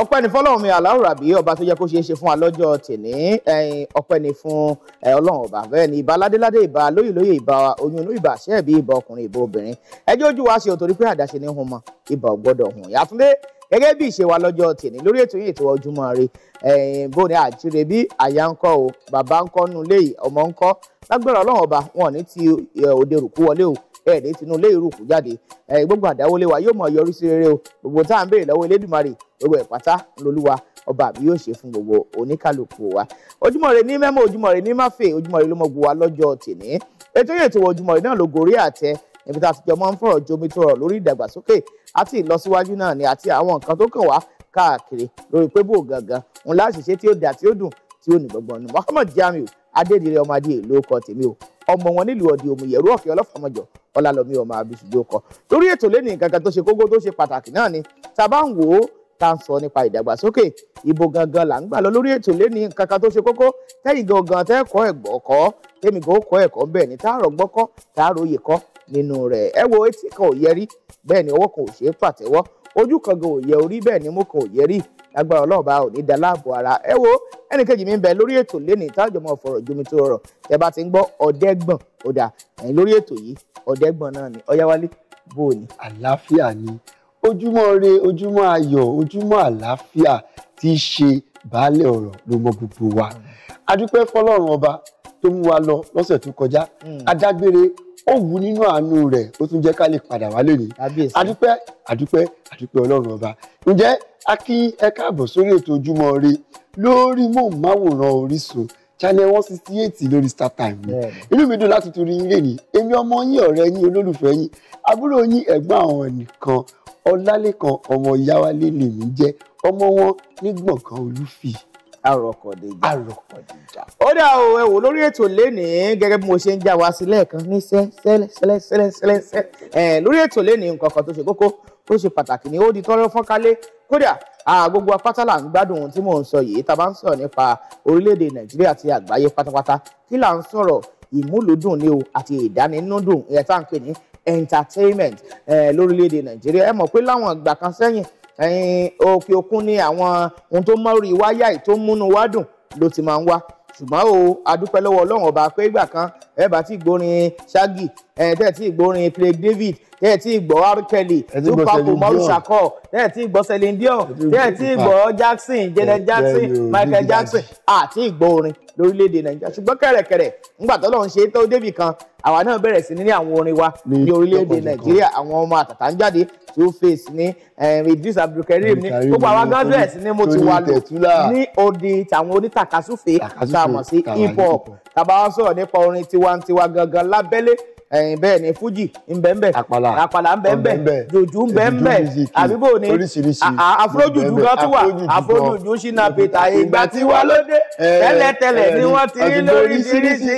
ọpẹ́ ni fọ́lọ́run mi aláwọ rabi ọba tó jẹ́ kó ṣeé ṣe fún wa lọ́jọ́ tèmi ọpẹ́ ni fún Ọlọ́run ọba bẹ́ẹ̀ ni ìbà ládéládé ìbà lóyèlóyè ìbà oyún inú ìbà ṣẹẹbi ìbà ọkùnrin ìbà obìnrin ẹjọ́ ojú wa ṣe ò torí pé àdáṣe ní hun mọ ìbà ò hùn yàtúndé gẹ́gẹ́ bí ìṣe wa lọ́jọ́ tèmi lórí ètò yìí ètò Ojúmọ́ Ire bó ni àjíire bí àyà ń kọ́ o bàbá ń kọ́ nu ilé yìí ọmọ ń kọ́ lágbára ọlọ́run ọba wọn ní ti òde rùkú wọlé o ẹ̀ẹ́dẹ́ tinú ilé ìrùkú jáde gbogbo àdáwọlé wa yóò mọ̀ yọrí sí rere o gbogbo tá à ń béèrè lọ́wọ́ Elédùmarè gbogbo ẹ̀ pátá lolúwa ọba àbí yóò ṣe fún gbogbo oníkàlùkù wa Ojúmọ́ Ire ní mẹ́mọ́ Ojúmọ́ Ire ní máfè Ojúmọ́ Ire ló mọ̀ gbogbo wa lọ́jọ́ ètò yìí ètò Ojúmọ́ Ire náà ló gorí àtẹ níbi tá a ti jọ máa ń fọ̀rọ̀ jomi tó rọ̀ lórí ìdàgbàsókè àti ìlọsíwájú náà ni àti àwọn nǹkan tó kàn wá káàkiri lórí pé bò gangan òun láti ṣe tí ó dà tí ó dùn tí ó ní gbọgbọn ni Muhammad Jamiu Adédire ọmọ adé ìlú tèmi o ọmọ wọn nílùú ọdí òmùyẹrù ọkẹ ọlọfàmọjọ ọlálọmí ọmọ abiṣujú ọkọ lórí ètò lẹni nǹkan kan tó ṣe kókó tó ṣe pàtàkì náà ni tá a bá ń wò ó tá a ń sọ nípa ìdàgbàsókè ìbò gangan là ń gbà lọ lórí ètò lẹni nǹkan tó ṣe kókó tẹyìn gangan tẹ kọ ẹgbọ kọ tẹmí kọ ẹkọ bẹ́ẹ̀ ni tá a gbọkọ tá a kọ nínú rẹ̀ ẹ wo etí kan ò yẹrí bẹ́ẹ̀ ni ọwọ́ kan ò ṣeé pàtẹ́wọ́ ojú kan gan ò yẹ orí bẹ́ẹ̀ ni mú kan ò yẹrí lágbára ọlọ́ọ̀bá ò ní da láàbò ara ẹ wo ẹnìkejì mi ń bẹ lórí ètò lẹ́nìí tájọmọ́ fọ̀rọ̀ jomi tó rọrọ̀ tẹ bá ti ń gbọ́ ọ̀dẹ́gbọ̀n ó dà ẹ̀yìn lórí ètò yìí ọ̀dẹ́gbọ̀n náà ni ọ̀yáwálé bó ní. àlàáfíà ni ojúmọ́ re ojúmọ́ ayọ̀ ojúmọ́ àlàáfíà tí í ṣe baálé ọ̀rọ̀ ló mọ gbogbo wa adúpẹ́ fọlọ́run ọba tó mú wa lọ lọ́sẹ̀ tó kọjá hmm. adágbére ó wù nínú àánú rẹ̀ ó tún jẹ́ ká lè padà wálé ní. àdúpẹ́ àdúpẹ́ àdúpẹ́ ọlọ́run ọba ǹjẹ́ a kí ẹ káàbọ̀ sórí ètò ojúmọ́ ire lórí móhùnmáwòrán Orísun channel one sixty eight lórí startime ni inú mi dùn láti tún rí yín lẹ́yìn èmi ọmọ yín ọ̀rẹ́ yín olólùfẹ́ yín àbúrò yín ẹ̀gbọ́n àwọn nìkan ọlálẹ́kan ọmọ ìyáwálé lèmi jẹ́ ọmọ wọn ní gbọ̀ngàn àròkọ̀dìjà. àròkọ̀dìjà. ó dà o ẹ wò lórí ètò lénìí gẹ́gẹ́ bí mo ṣe ń já wa sílẹ̀ kan ní sẹ́lẹ̀sẹ́lẹ̀sẹ́lẹ̀sẹ́ ẹ̀ lórí ètò lénìí nǹkan kan tó ṣe kókó tó ṣe pàtàkì ni ó di tọ́rọ́ fọ́nkálé kódà gbogbo apátá là ń gbádùn ohun tí mò ń sọ yìí tá a bá ń sọ̀rọ̀ nípa orílẹ̀-èdè nàìjíríà àti àgbáyé pátápátá kí là ń sọ̀rọ̀ ìmúlùdùn ni o àti ìdánínúdùn ìyẹn tá à ń pè ní entertainment lórílẹ̀-èdè nàìjíríà ẹ mọ̀ pé láwọn ìgbà kan sẹ́yìn òkè òkun ni àwọn ohun tó mọ́rí wáyà tó múnú wá dùn ló ti máa ń wá ṣùgbọ́n o adúpẹ́ lọ́wọ́ ọlọ́run ọba pé ìgbà kan ẹ bá ti gbórin Shaggy ẹ tẹ́ ti gbórin Craig David tẹ́ ti gbọ́ R. Kelly Tupac Umaru Shakur tẹ́ ti gbọ́ Celine Dion tẹ́ ti gbọ́ Jackson Janet Jackson Michael Jackson àti ìgbórin lórílẹ̀‐èdè Nàìjíríà ṣùgbọ́n kẹ̀rẹ̀kẹ̀rẹ̀ ńgbà tó lọ́n ṣe tó débì kan àwa náà bẹ̀rẹ̀ sí ní àwọn orin wa ní orílẹ̀‐èdè Nàìjíríà àwọn ọmọ àtàtà ń jáde two face ní Idris Abdulkareem ní gbogbo àwa gan bẹ̀rẹ̀ sí ní mo ti wà lò ní odi tàwọn onítàkasúfèé tá a mọ̀ sí hip hop tàbá wa sọ̀rọ̀ nípa orin tiw tiwantiwa gangan lábẹ́lé ẹ̀yìn bẹ́ẹ̀ ni fújì ńbẹ́ńbẹ́ àpàlà àpàlà ńbẹ́ńbẹ́ jòjú ńbẹ́ńbẹ́ àbíbò ni àfúrójùjú kan tún wà àfúrójùjú ṣínà pété ìgbà tí wà lóde eh, tẹ́lẹ̀tẹ́lẹ̀ ni eh, wọ́n ti rí lóríṣiríṣi.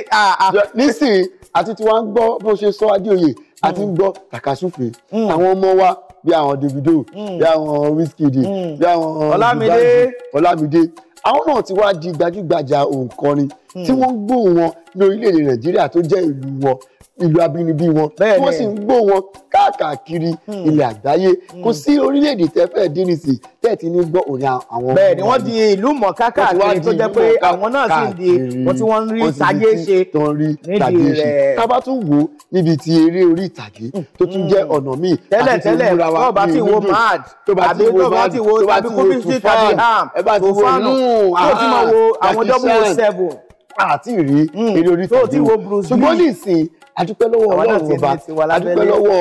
nísìnyí àti tí wọ́n ń gbọ́ bó ṣe sọ adéoyè àti ń gbọ́ tàkàsúfè hmm. àwọn ọmọ wa bí àwọn Davido hmm. bí àwọn Wizkid hmm. bí àwọn Ọlámídé àwọn náà ti wá di gbajúgbajà òǹkọrin hmm. tí wọ́n ń gbóhùn wọn ní orílẹ̀-èdè nàìjíríà tó jẹ́ ìlú wọn ìlú abínibí wọn tí wọ́n sì ń gbọ́ wọn káàkiri hmm. ilẹ̀ àgbáyé kò hmm. sí orílẹ̀-èdè tẹ́ fẹ́ dín ní sí tẹ́ ti ní gbọ́ òní àwọn. bẹ́ẹ̀ ni wọ́n di ìlú mọ̀ káàkiri tó jẹ́ pé àwọn náà sì ń di wọn tí wọ́n ń rí sáyé ṣe nídìí rẹ̀. ká bá tún wò ó níbi ti eré orí ìtàgé hmm. tó tún jẹ́ ọ̀nà míì tẹ́lẹ̀ tẹ́lẹ̀ tó bá ti wo mad àbí tó bá ti wo tàbí kófíìsì tàbí ham tó fánù ah, tó ti mọ̀ wo àwọn double seven àti ìrí eré orí ìtàgé ṣùgbọ́n nísìnyí adúpẹ́ lọ́wọ́ ọlọ́run ọba adúpẹ́ lọ́wọ́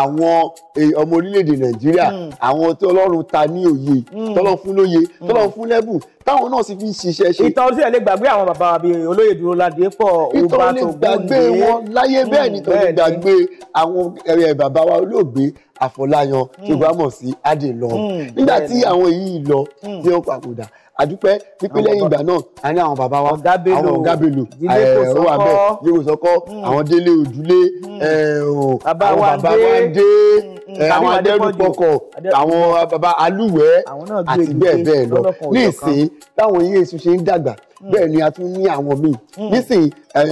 àwọn e, ọmọ orílẹ̀-èdè nàìjíríà hmm. àwọn tí ọlọ́run ta ní òye hmm. tọ́lọ́run fún lóye hmm. tọ́lọ́run fún lẹ́bùn táwọn náà sì fi ń ṣiṣẹ́ ṣe. ìtàn tí ẹ lè gbàgbé àwọn bàbá wa bíi olóyè dúró ládé pọ̀ ọba tó gbàgbé wọn láyé bẹ́ẹ̀ ni tó lè gbàgbé àwọn bàbá wa olóògbé àfọláyan tí ó bá mọ̀ sí adé lọ nígbà tí àwọn yìí lọ tí wọ́n papòdà àdúpẹ́ wípé lẹ́yìn ìgbà náà a ní àwọn bàbá wa àwọn ọ̀gá Bello ọwọ́ abẹ́ yíkò sọ́kọ́ hmm. àwọn délé òdúlé hmm. àwọn bàbá wa dé hmm, àwọn adẹ́rùpọ̀kọ̀ àwọn bàbá alúwẹ̀ẹ́ àti bẹ́ẹ̀ bẹ́ẹ̀ lọ ní ìsìn táwọn iye èso ṣe ń dàgbà Mm. bẹ́ẹ̀ ni a tún ní àwọn míì mm. nísìnyí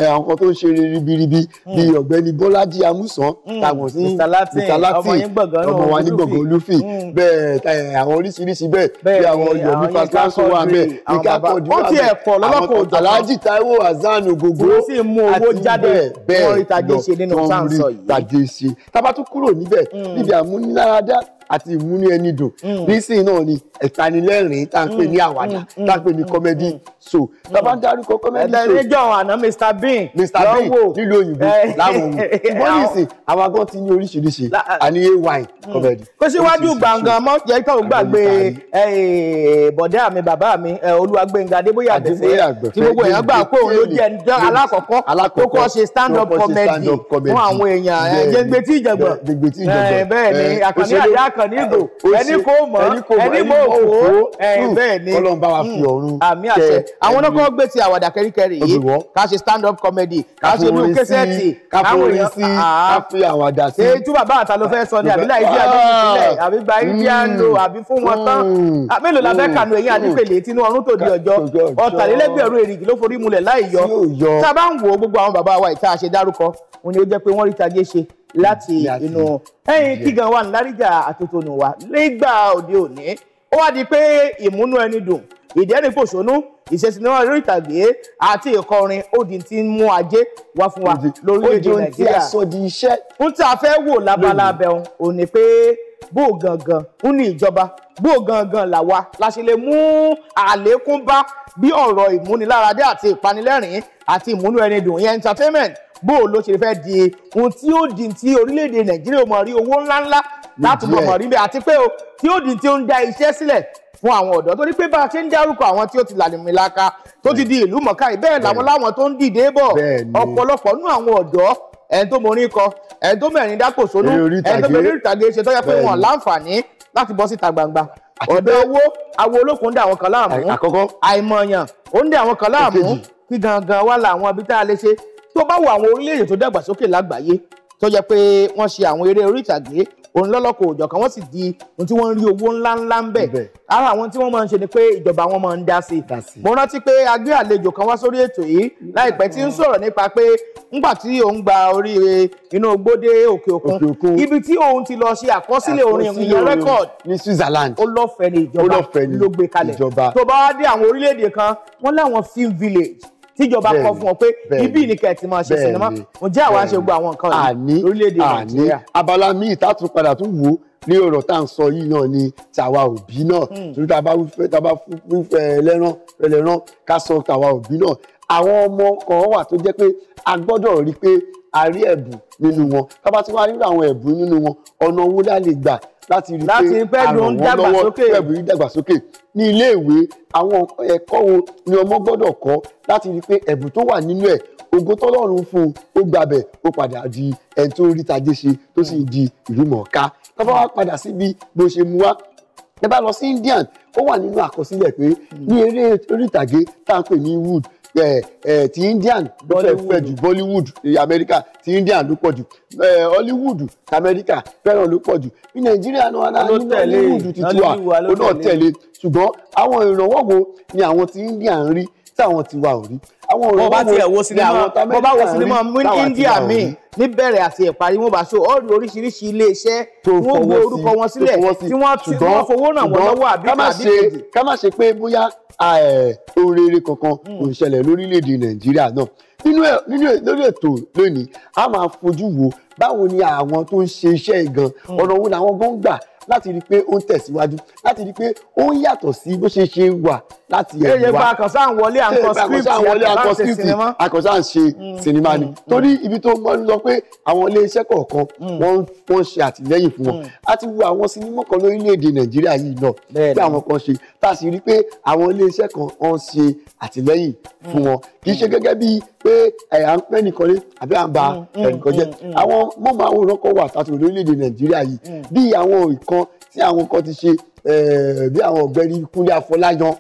àwọn kan tó ń ṣe ribiribi mm. bíi ọ̀gbẹ́ni Bọ́lájí Amúsàn tàwọn sí Mr Latin ọmọ wa ní gbọ̀ngàn olúfì bẹ́ẹ̀ àwọn oríṣiríṣi bẹ́ẹ̀ bí àwọn Yomi Fasanso wà bẹ́ẹ̀ ìka kọ̀dí wà bẹ́ẹ̀ àwọn Alhaji Taiwo Hassan Ogogo àti bẹ́ẹ̀ bẹ́ẹ̀ lọ tó ń rí ìtàgé ṣe tábà tún kúrò níbẹ̀ níbi àmúniláradá àti ìmúnú ẹni dùn mm. nísìnyí náà ni ẹ̀tanilẹ́rìn tá à ń pè ní mm. àwàdà mm. tá à pè ní comedy so tá a bá ń dárúkọ comedy show. ẹni jọ àná Mr Bean Mr Bean nílùú òyìnbó eh. láwọn ohun ṣùgbọ́n nísìn àwọn agbọ́n ti ní oríṣiríṣi àní ay comedy. kó síwájú gbàngàn mọ́ jẹ́ kí òun gbàgbé eh, bọ̀dá mi bàbá mi eh, Olúwagbénga Adébóyè Àgbẹ̀fẹ́ tí gbogbo èèyàn gbà pé òun ló jẹ́ alákọ̀ọ́kọ́ tó kọ́ ṣe stand up comedy fún àwọn èèyàn jẹ́gbẹ́tì ìjọ̀gbọ̀n bẹ́ẹ̀ ni àkànní àdá kàn ní ìgò ẹni kò mọ̀ ẹni mọ̀ òfò hmm. bẹ́ẹ̀ ni Ọlọ́run bá wa fi hmm. ọ̀run àmì àṣẹ àwọn náà kọ́ gbé ti àwàdà kẹ́ríkẹ́rí yìí ká ṣe stand up comedy ká ṣe inú kẹsẹ́ẹ̀tì ká forí sí ah, ah. ká fi àwàdà sí. ṣé tú bàbá àta ló fẹ́ sọ ni àbí láì jẹ́ àbí ìpínlẹ̀ àbí gba hmm. indian lo àbí fún wọn tán ah, mélòó la fẹ́ kànú ẹ̀yìn àdípèlè tinú ọ̀run tó di ọjọ́ ọ̀tàlélẹ́gbẹ̀rún èrìgì ló forí mulẹ̀ láì yọ tá a bá ń wo gbogbo láti inú ẹ̀yìn kígan wa ńláríjà àtòtònù wa nígbà òde òní ó wá di pé ìmúnú ẹni dùn ìdẹ́rìnpòṣónú ìṣèṣinimá lórí ìtàgé àti ìkọrin odi tí ń mú ajé wá fún wa lórílẹ̀‐èdè nàìjíríà ń tí a fẹ́ wò lábala abẹ́hùn ò ní pé bó gangan ń ní ìjọba bó gangan làwa la ṣe lè mú àlékún bá bí ọ̀rọ̀ ìmúniláradé àti ìpanilẹ́rìn-ín àti ìmúnú ẹni dùn yẹn entertainment bó o ló ṣe fẹ́ di ohun tí ó di ti orílẹ̀-èdè nàìjíríà ó mọ̀ rí owó ńláńlá láti mọ̀ mọ̀ rí bẹ́ẹ̀ àti pé o tí ó di ti ó ń dá iṣẹ́ sílẹ̀ fún àwọn ọ̀dọ́ torí pé bá a ṣe ń dárúkọ àwọn tí ó ti làlùmílaka tó ti di ìlú mọ̀ká yìí bẹ́ẹ̀ làwọn láwọn tó ń dìde bọ̀ ọ̀pọ̀lọpọ̀ nú àwọn ọ̀dọ́ ẹni tó morin kọ ẹni tó mẹ́rin dápò sónú ẹni tó mẹ́rin ìtàgé ṣe tó yẹ pé wọn láǹfààní láti bọ́ síta gbangba ọ̀dọ́ owó awo olókun dá àwọn kan láàmú àìmọ̀yàn ó ń dá àwọn kan láàmú kí gangan wà láwọn ibi tá ṣe tó bá wo àwọn orílẹ̀-èdè tó dàgbàsókè lágbàáyé tó jẹ́ pé wọ́n ṣe àwọn eré orí ìtàgé òun lọ́lọ́kọ̀ òjọ̀ kan wọ́n sì di ohun tí wọ́n ń rí owó ńláńlá ń bẹ̀ ara àwọn tí wọ́n máa ń ṣe ni pé ìjọba wọn máa ń dá sí i mo rántí pé a gbé àlejò kan wá sórí ètò yìí láìpẹ́ tí ń sọ̀rọ̀ nípa pé ńgbà tí òun gba orí inú gbódé òkè òkun ibi tí òun ti lọ ṣe àkọsílẹ̀ orin ìyẹn rẹ́kọ̀d ní Switzerland ó lọ́fẹ̀ẹ́ ni ìjọba ló gbé kalẹ̀ tó bá wá dé àwọn orílẹ̀-èdè kan wọ́n láwọn film village tíjọba kọ fún ọ pé ibí nìkan ti máa ṣe sinimá ǹjẹ́ àwa ṣe gbogbo àwọn nǹkan yìí lórílẹ̀‐èdè nàìjíríà. abala míì tá tún padà tún wò ní ọ̀rọ̀ tá à ń sọ yìí náà ni tàwa òbí náà hmm. torí tá a bá fífẹ́ ẹlẹ́ran ẹlẹ́ran ká sọ tàwa òbí náà àwọn ọmọ kan wà tó jẹ́ pé a gbọ́dọ̀ rí pé a rí ẹ̀bùn nínú wọn tá a bá ti wá rí àwọn ẹ̀bùn nínú wọn ọ̀nà owó lá gbà láti rí pé àrùn wọn lọ́wọ́ pẹ̀lú ìdàgbàsókè ní iléèwé àwọn ẹ̀kọ́ wo ni ọmọ gbọ́dọ̀ kọ́ láti rí pé ẹ̀bùn tó wà nínú ẹ̀ ògo tọ́lọ́run fún un ó gbàbẹ̀ ó padà di ẹni tó rí tajé ṣe tó sì di ìlúmọ̀ọ́ká tọ́ba wa padà síbi bó ṣe mú wa ẹ bá lọ sí Indian ó wà nínú àkọsílẹ̀ pé ní eré orí ìtàgé tá à pè ní wood ti Indian ló fẹ́ fẹ́ jù Bollywood America ti Indian ló pọ̀ jù Hollywood America fẹ́ràn ló pọ̀ jù ní Nàìjíríà náà náà ní Hollywood títí wa ó náà tẹ̀lé ṣùgbọ́n àwọn ìrànwọ́ wo ni àwọn ti Indian rí táwọn ti wa ò rí bọ́ bá tiẹ̀ wo sinimá bọ́ bá wo sinimá india mi níbẹ̀rẹ̀ àti ìparí wọn bá so ọ́ọ̀dù oríṣiríṣi iléeṣẹ́ wọn gbé orúkọ wọn sílẹ̀ tí wọ́n ti fowó ràn wọ́n lọ́wọ́ àbí àbí kejì. ká má ṣe pé bóyá ohun kankan kò hmm. ṣẹlẹ̀ lórílẹ̀‐èdè nàìjíríà náà nínú lórí ètò lónìí a máa fojú wo báwo ni àwọn tó ń ṣe iṣẹ́ gan hmm. ọ̀nà wo làwọn gan gbà láti rí i pé ó ń tẹ̀síwájú láti rí i pé ó ń yàtọ̀ sí bó ṣe ṣe wà láti ẹ̀rù wa. ẹyẹ gba àkànṣá ń wọlé àkọ script àkànṣá ń ṣe sinimá mm. ni mm. torí ibi tó mọ́ ń lọ pé àwọn iléeṣẹ́ kọ̀ọ̀kan mm. wọ́n ń ṣe àtìlẹ́yìn fún wọn a ti wo àwọn sinimá kan lórílẹ̀‐èdè Nàìjíríà yìí náà tí àwọn kan ṣe tá a sì rí pé àwọn iléeṣẹ́ kan ọ̀ ń ṣe àtìlẹ́yìn fún wọn kì í ṣe gẹ́gẹ́ bíi pé à ń pẹ́ nìkan lé àbí à ń ba mm, mm, ẹnìkan jẹ́ mm, àwọn mọ́màwòrán kan wà tàtúrò lórílẹ̀‐èdè nàìjíríà yìí bíi àwọn ìkan tí àwọn kan ti ṣe bí àwọn ọ̀gbẹ́ni kúnlé afọláyan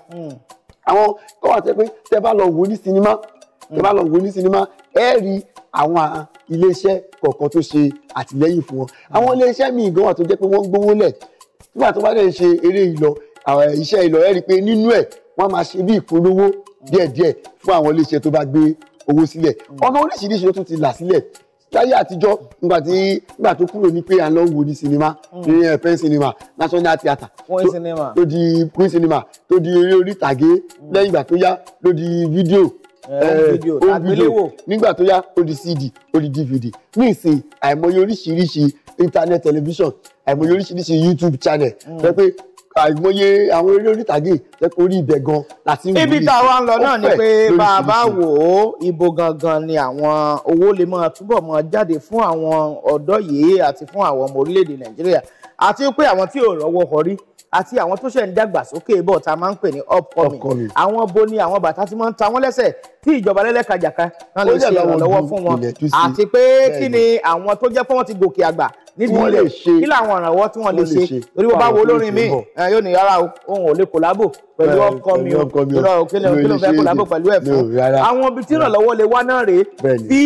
àwọn kan wà tẹ́ pé tẹ́ bá lọ wò ní sinimá tẹ́ bá lọ wò ní sinimá ẹ rí àwọn iléeṣẹ́ kọ̀ọ̀kan tó ṣe àtìlẹ́yìn fún wọn àwọn iléeṣẹ́ míì gan wà tó jẹ́ pé wọ́n gbówó lẹ̀ nígbà tó bá dẹ̀ ń ṣe eré yìí iṣẹ́ ìlọ̀rẹ́ rí i pé nínú ẹ̀ wọ́n máa ṣe bí ìpolówó díẹ̀díẹ̀ fún àwọn iléeṣẹ́ tó bá gbé owó sílẹ̀ ọ̀nà oríṣiríṣi ló tún ti là sílẹ̀ láyé àtijọ́ nígbà tí nígbà tó kúrò ní pé à ń lọ wo hmm. ní sinimá ní ẹ̀fẹ́ sinimá national theatre tó di queen cinema tó di eré orí ìtàgé hmm. lẹ́yìn ìgbà tó yá ló di fídíò eh, home eh, video nígbà tó yá ó di cd ó di dvd ní ìsìn àìmọye oríṣiríṣi internet television àìmọye oríṣiríṣi youtube channel hmm. pé pé àìmọye àwọn eré onítàgé jẹ́ kó rí ibẹ̀ gan láti wù. ibi tá a wá ń lọ náà ni pé bá a bá wò ó ibo gangan ni àwọn owó lè máa túbọ̀ máa jáde fún àwọn ọ̀dọ́ yìí àti fún àwọn ọmọ orílẹ̀-èdè Nàìjíríà àti pé àwọn tí ò rọ́wọ́ họrí àti àwọn tó ṣe ń dàgbà sókè bọ̀ tá a máa ń pè ní upcoming àwọn bo ni àwọn bàtà tí wọ́n ń ta wọ́n lẹ́sẹ̀ tí ìjọba lẹ́lẹ́kajàka náà lè ṣe ìrànlọ́wọ́ fún wọn àti pé kí ni àwọn tó jẹ́ pé wọ́n ti gòkè àgbà nídìí ilẹ̀ kí làwọn ìrànwọ́ tí wọ́n lè ṣe orí wọn bá wo olórin mi yóò ní rárá ohun ò kòlábò pẹ̀lú ọkọ mi o ìrọ̀ òkèlè òkèlè kòlábò pẹ̀lú ẹ̀fọ́ àwọn ibi tí lè wá náà rèé bí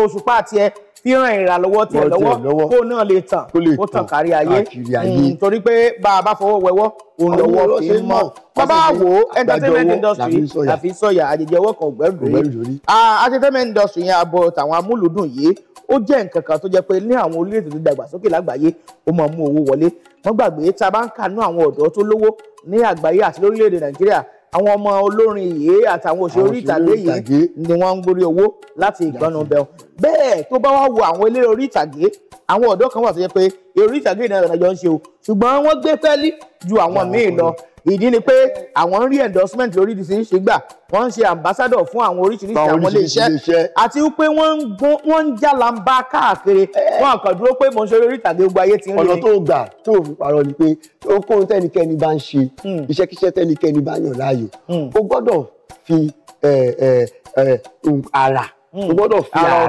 òṣùpá tiẹ̀ fíran ìrànlọ́wọ́ tiẹ̀ lọ́wọ́ kó náà lè tàn kó tàn kárí ayé hmm, torí pé bá a bá fọwọ́ wẹwọ́ òun lọ́wọ́ kì í bàbá wo entertainment industry àfi sọ̀yà àjèjì ọwọ́ kan ògbẹ́rù lórí ah, entertainment industry yẹn abọ́ tàwọn amúlùdùn yìí ó jẹ́ nǹkan kan tó jẹ́ pé ní àwọn orílẹ̀-èdè tó dàgbàsókè lágbàáyé ó máa mú owó wọlé wọ́n gbàgbé tá a bá ń kà nú àwọn ọ̀dọ́ tó lówó ní àgbáyé àti lórílẹ̀-èdè Nàìjíríà àwọn ọmọ olórin yìí àtàwọn òṣèré orí ìtàgé yìí ni wọ́n ń gorí owó láti ìgbọ́nu bẹ́ẹ̀ bẹ́ẹ̀ tó bá wá wo àwọn eléré orí ìtàgé àwọn ọ̀dọ́ kan wà tó yẹ pé eré orí ìtàgé náà lọ́jọ́ ń ṣe o ṣùgbọ́n wọ́n gbé pẹ́ẹ́lí ju àwọn míì lọ ìdí ni pé àwọn ń rí endorsement lórí oríṣiríṣi gbà wọ́n ń ṣe ambassador fún àwọn oríṣiríṣi àwọn iléeṣẹ́ àti wípé wọ́n ń gún wọ́n ń jálàmbá káàkiri wọ́n kàn dúró pé mo ń ṣe orí ìtàgé gbogbo ayé ti ń rí ọ̀nà tó gbà tó fi parọ́ ni pé ohunkóhun tẹ́nikẹ́ni bá ń ṣe hmm. iṣẹ́kíṣẹ́ tẹ́nikẹ́ni bá yàn láàyò ó hmm. gbọ́dọ̀ fi ara eh, eh, eh, um, Hmm. o gbọ́dọ̀ fi ara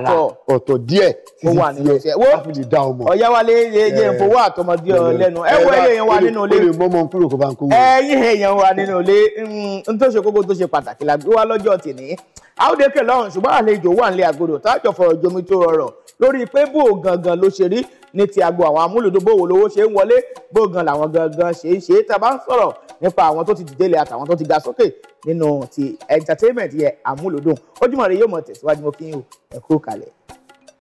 ọ̀tọ̀ díẹ̀ tí ti tiẹ̀ láti lè dá ọmọ. ọ̀yá yẹ yẹ ìfowó àtọmọdé lẹ́nu ẹ wọ èèyàn wa nínú ilé. o lè mọ́mọ́ kúrò kó bá ń kówó. ẹyìn èèyàn wa nínú ilé hmm, n tó ṣe kókó tó ṣe pàtàkì la gbé wá lọ́jọ́ tìní. àwòdeke lọ́rùn ṣùgbọ́n àlejò wà nílé àgọ́dọ̀ tájọ fọ̀rọ̀ jomi tó rọrọ̀ lórí pé bó gangan ló ṣe rí ní ti agbo àwọn amúlùdóbò wo lówó ṣe ń wọlé bó gan làwọn gangan ṣe é ṣe é tá a bá ń sọ̀rọ̀ nípa àwọn tó ti dìdélé àtàwọn tó ti ga sókè nínú ti entertainment yẹ amúlùdùn Ojúmọ́ Ire yóò mọ̀ tẹ̀síwájú mo kí n ò ẹ kalẹ̀.